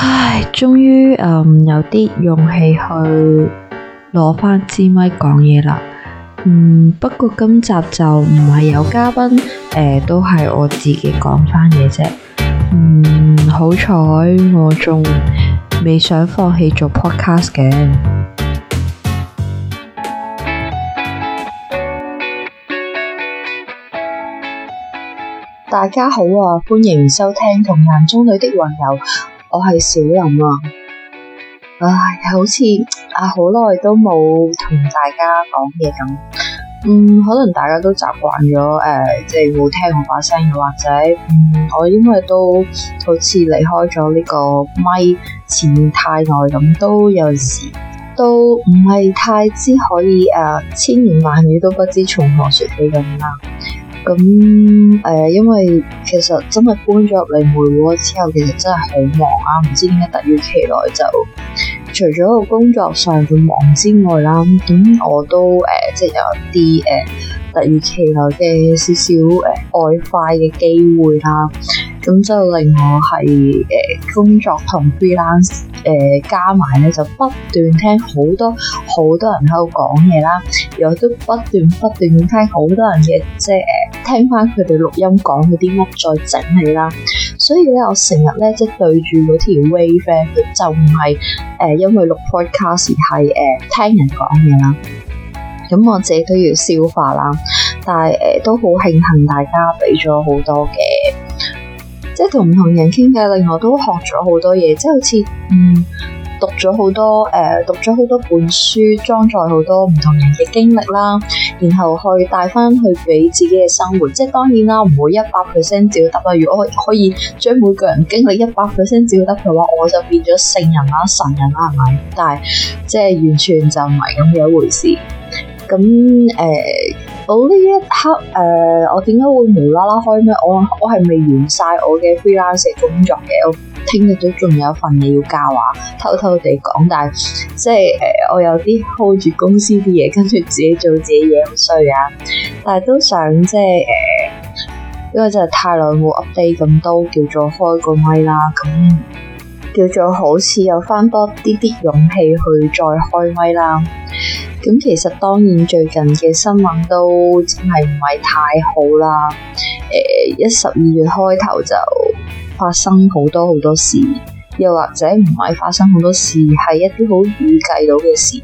唉，終於誒有啲勇氣去攞翻支咪講嘢啦。嗯，不過今集就唔係有嘉賓，誒，都係我自己講翻嘢啫。嗯，好彩我仲未想放棄做 podcast 嘅。大家好啊，歡迎收聽《同眼中女的雲遊》。我係小林啊，唉，好似啊好耐都冇同大家講嘢咁，可能大家都習慣咗誒，你、呃、冇聽我把聲嘅，或者嗯，我因為都好似離開咗呢個咪前面太耐咁、嗯，都有時都唔係太知可以誒、啊，千言萬語都不知從何說起咁啦。咁誒、嗯哎，因為其實真係搬咗入嚟梅窩之後，其實真係好忙啊！唔知點解突如其來就除咗個工作上嘅忙之外啦，咁、嗯、我都誒、呃，即係有一啲誒突如其來嘅少少誒外快嘅機會啦。咁就令我係誒工作同 freelance 誒加埋咧，就不斷聽好多好多人喺度講嘢啦。然後都不斷不斷聽好多人嘅，即係誒聽翻佢哋錄音講嗰啲屋再整起啦。所以咧，我成日咧即係對住嗰條 waveband，就唔係誒因為錄 podcast 係誒聽人講嘢啦。咁我自己都要消化啦，但係誒都好慶幸大家俾咗好多嘅。即係同唔同人傾偈，令我都學咗好多嘢。即係好似嗯讀咗好多誒，讀咗好多本書，裝載好多唔同人嘅經歷啦。然後去帶翻去俾自己嘅生活。即係當然啦，唔會一百 percent 照得。如果可以將每個人經歷一百 percent 照得嘅話，我就變咗聖人啦、神人啦，係咪？但係即係完全就唔係咁嘅一回事。咁誒、呃，我呢一刻誒、呃，我點解會無啦啦開咪？我我係未完晒我嘅 freelance 工作嘅，我聽日都仲有一份嘢要交啊！偷偷地講，但即係誒、呃，我有啲 hold 住公司啲嘢，跟住自己做自己嘢好衰啊！但係都想即係誒、呃，因為真係太耐冇 update 咁，都叫做開個咪啦，咁叫做好似有翻多啲啲勇氣去再開咪啦。咁其實當然最近嘅新聞都真係唔係太好啦。誒，一十二月開頭就發生好多好多事，又或者唔係發生好多事，係一啲好預計到嘅事。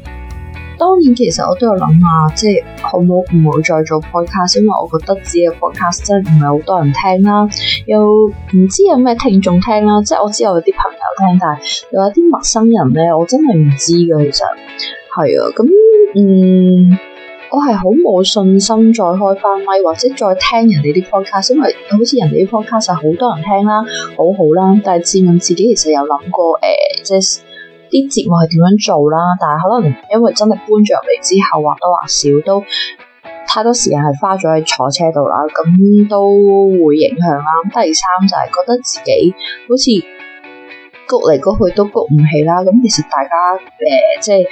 當然其實我都有諗下，即係可冇好唔好唔會再做 podcast，因為我覺得自己嘅 podcast 真係唔係好多人聽啦，又唔知有咩聽眾聽啦。即係我知道有啲朋友聽，但係又有啲陌生人呢，我真係唔知嘅。其實係啊，咁嗯，我係好冇信心再開返咪，或者再聽人哋啲 podcast，因為好似人哋啲 podcast 係好多人聽啦，好好啦。但係自問自己其實有諗過，誒、呃，即係啲節目係點樣做啦？但係可能因為真係搬咗入嚟之後，或多或少都太多時間係花咗喺坐車度啦，咁都會影響啦。第三就係覺得自己好似谷嚟谷去都谷唔起啦。咁其實大家誒、呃，即係。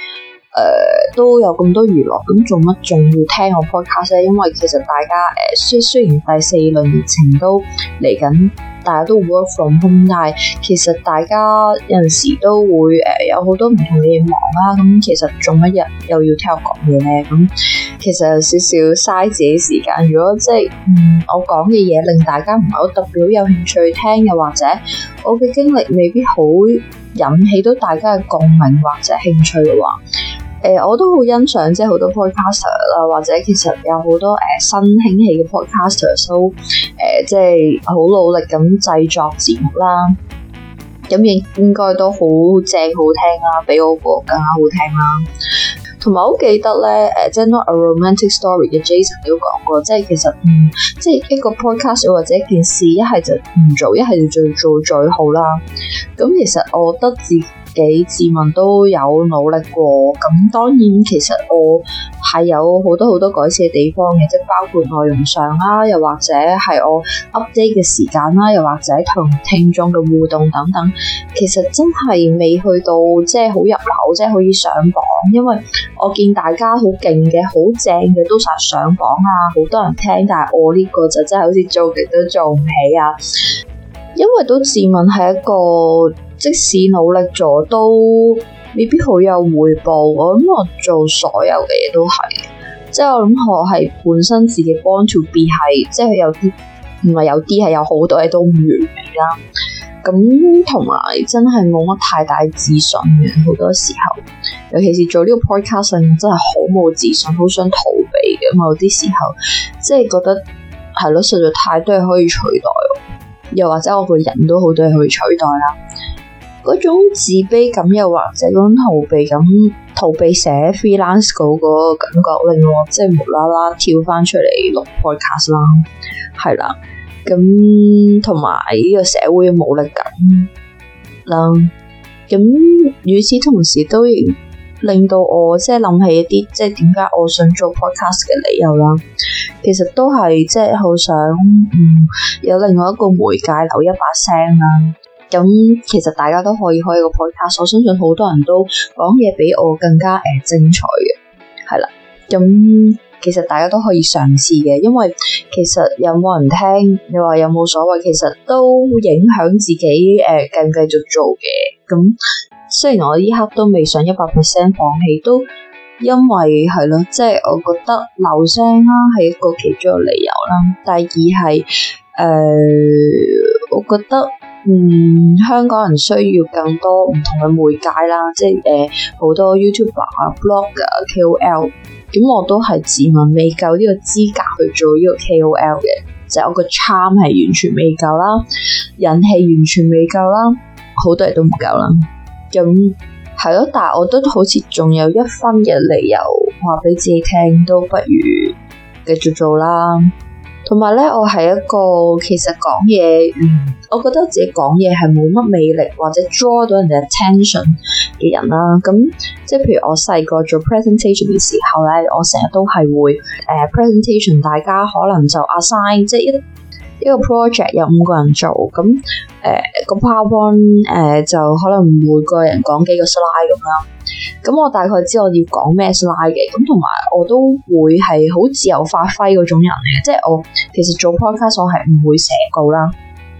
誒、呃、都有咁多娛樂，咁做乜仲要聽我 podcast 咧？因為其實大家誒雖雖然第四輪疫情都嚟緊，大家都 work from home，但係其實大家有陣時都會誒、呃、有好多唔同嘅嘢忙啦。咁其實做乜日又要聽我講嘢咧？咁其實有少少嘥自己時間。如果即係嗯我講嘅嘢令大家唔係好特別有興趣聽嘅，或者我嘅經歷未必好引起到大家嘅共鳴或者興趣嘅話。誒、呃，我都好欣賞即係好多 podcaster 啦，或者其實有好多誒、呃、新興起嘅 podcaster，都誒、呃、即係好努力咁製作節目啦。咁應應該都好正，好聽啦，比我個更加好聽啦。同埋我好記得咧，誒、呃、即係 Not a Romantic Story 嘅 Jason 都講過，即係其實唔、嗯、即係一個 podcast 又或者一件事，一係就唔做，一係就做最好啦。咁其實我覺得自己自己自問都有努力過，咁當然其實我係有好多好多改善嘅地方嘅，即包括內容上啦，又或者係我 update 嘅時間啦，又或者同聽眾嘅互動等等，其實真係未去到即係好入流，即係可以上榜，因為我見大家好勁嘅、好正嘅都成日上榜啊，好多人聽，但係我呢個就真係好似做極都做唔起啊，因為都自問係一個。即使努力咗，都未必好有回報，我諗我做所有嘅嘢都係，即係我諗我係本身自己。Born to be 係，即係有啲唔係有啲係有好多嘢都唔完美啦。咁同埋真係冇乜太大自信嘅，好多時候，尤其是做呢個 podcast，真係好冇自信，好想逃避嘅某啲時候，即係覺得係咯，實在太多嘢可以取代，又或者我個人都好多嘢可以取代啦。嗰種自卑感，又或者嗰種逃避感，逃避寫 freelance 稿嗰個感覺，令我即係無啦啦跳返出嚟錄 podcast 啦，係啦。咁同埋呢個社會嘅無力感啦。咁與此同時，都令到我即係諗起一啲即係點解我想做 podcast 嘅理由啦。其實都係即係好想、嗯、有另外一個媒介留一把聲啊。咁、嗯、其實大家都可以開一個 podcast，我相信好多人都講嘢比我更加誒、呃、精彩嘅係啦。咁、嗯、其實大家都可以嘗試嘅，因為其實有冇人聽，你話有冇所謂，其實都影響自己誒繼唔繼續做嘅。咁、嗯、雖然我呢刻都未想一百 percent 放棄，都因為係咯，即係、就是、我覺得留聲啦係一個其中一個理由啦。第二係誒、呃，我覺得。嗯，香港人需要更多唔同嘅媒介啦，即係誒好多 YouTuber 啊、Blogger、KOL，咁我都係自問未夠呢個資格去做呢個 KOL 嘅，就係、是、我個 charm 係完全未夠啦，人氣完全未夠啦，好多人都唔夠啦，咁係咯，但係我都好似仲有一分嘅理由話俾自己聽，都不如繼續做啦。同埋咧，我係一個其實講嘢、嗯，我覺得自己講嘢係冇乜魅力或者 draw 到人哋 attention 嘅人啦。咁、嗯、即係譬如我細個做 presentation 嘅時候咧，我成日都係會誒 presentation，大家可能就 assign 即係一一個 project 有五個人做咁誒個 PowerPoint 誒就可能每個人講幾個 slide 咁啦。咁我大概知我要講咩 slide 嘅，咁同埋我都會係好自由發揮嗰種人嘅，即係我其實做 podcast 係唔會寫稿啦，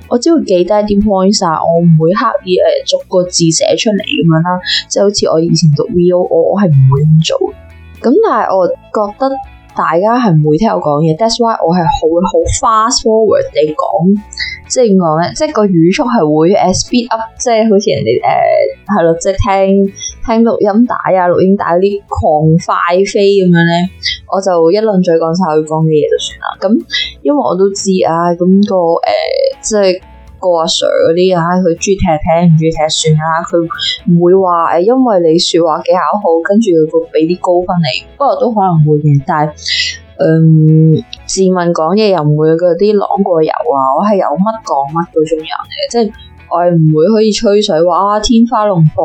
我只會記低啲 points，我唔會刻意誒逐個字寫出嚟咁樣啦，即係好似我以前讀 VO 我我係唔會咁做，咁但係我覺得。大家係唔會聽我講嘢，that's why 我係好好 fast forward 地講，即係點講咧？即係個語速係會誒 speed up，即係好似人哋誒係咯，即、呃、係、就是、聽聽錄音帶啊、錄音帶嗰啲狂快飛咁樣咧，我就一輪嘴講晒佢講嘅嘢就算啦。咁因為我都知啊，咁、嗰個誒即係。呃就是個阿 Sir 嗰啲啊，佢中意聽，聽唔中意聽算啦。佢唔會話誒，因為你説話技巧好，跟住佢會俾啲高分你。不過都可能會嘅，但係嗯，自問講嘢又唔會嗰啲浪過油啊。我係有乜講乜嗰種人嚟嘅，即係我係唔會可以吹水話啊天花龍鳳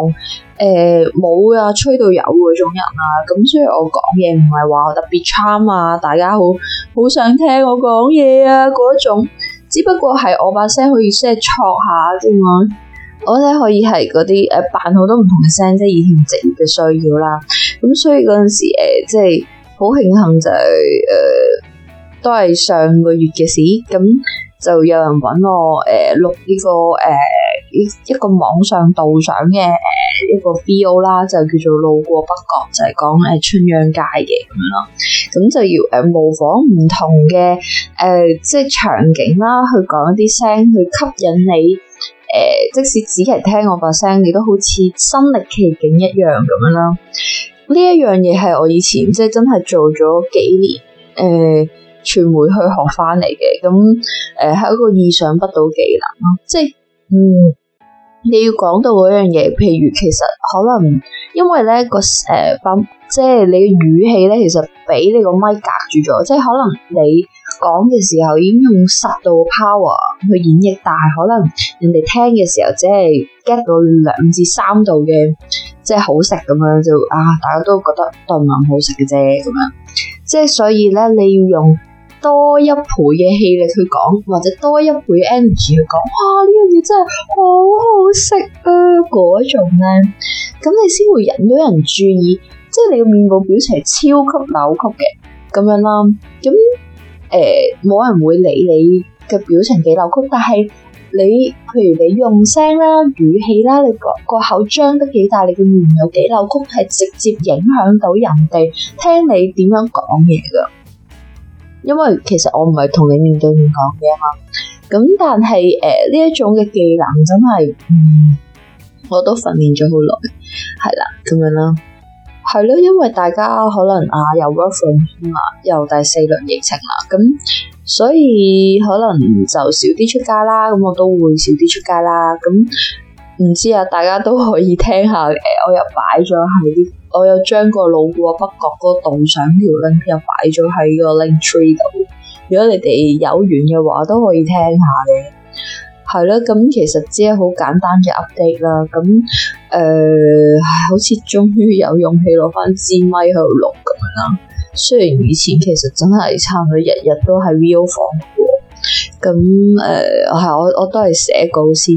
誒冇啊吹到油嗰種人啊。咁所以我講嘢唔係話特別差啊，大家好好想聽我講嘢啊嗰種。只不過係我把聲可以先錯下啫嘛，我呢，可以係嗰啲誒扮好多唔同嘅聲，即係以前職業嘅需要啦。咁所以嗰陣時誒、呃，即係好慶幸就係、是呃、都係上個月嘅事，咁就有人揾我誒、呃、錄呢、這個、呃一一個網上導賞嘅誒一個 V.O. 啦，就叫做路過北角，就係講誒春秧街嘅咁樣咯。咁就要誒模仿唔同嘅誒、呃、即係場景啦，去講一啲聲，去吸引你誒、呃。即使只係聽我把聲，你都好似身歷其境一樣咁樣啦。呢一樣嘢係我以前即係真係做咗幾年誒呃、傳媒去學翻嚟嘅，咁誒係一個意想不到技能，即係。嗯，你要講到嗰樣嘢，譬如其實可能因為呢、那個誒、呃、即係你嘅語氣呢，其實俾你個麥隔住咗，即係可能你講嘅時候已經用十度 power 去演繹，但係可能人哋聽嘅時候只係 get 到兩至三度嘅，即係好食咁樣就啊，大家都覺得都唔係好食嘅啫咁樣，即係所以呢，你要用。多一倍嘅氣力去講，或者多一倍嘅 energy 去講，哇！呢樣嘢真係好好食啊，嗰種咧，咁你先會引到人注意，即係你嘅面部表情係超級扭曲嘅咁樣啦。咁誒，冇人會理你嘅表情幾扭曲，但係你譬如你用聲啦、語氣啦，你個個口張得幾大，你嘅面有幾扭曲，係直接影響到人哋聽你點樣講嘢㗎。因為其實我唔係同你面對面講嘢嘛，咁但係誒呢一種嘅技能真係，嗯，我都訓練咗好耐，係啦咁樣啦，係咯，因為大家可能啊又 work from home 啦，又、啊、第四輪疫情啦，咁、啊、所以可能就少啲出街啦，咁我都會少啲出街啦，咁。唔知啊，大家都可以聽下嘅。我又擺咗喺，我又將個路過北角嗰度上條 link 又擺咗喺個 link tree 度。如果你哋有緣嘅話，都可以聽下嘅。係啦，咁其實只係好簡單嘅 update 啦。咁誒、呃，好似終於有勇氣攞翻支咪喺度錄咁樣啦。雖然以前其實真係差唔多日日都係 video 放嘅。咁誒，係、呃、我我都係寫稿先。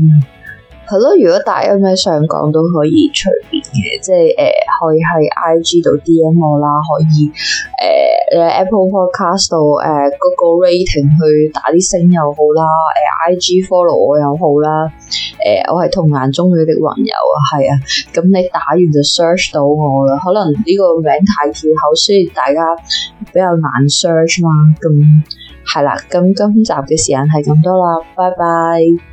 好咯，如果大家咩想講都可以隨便嘅，即係可以喺 I G 度 D M 我啦，可以誒、呃、Apple Podcast 度誒嗰、呃、個 rating 去打啲星又好啦、呃、I G follow 我又好啦、呃，我係童顏中女的雲遊啊，係啊，咁你打完就 search 到我啦。可能呢個名太拗口，所以大家比較難 search 嘛。咁係啦，咁今集嘅時間係咁多啦，拜拜。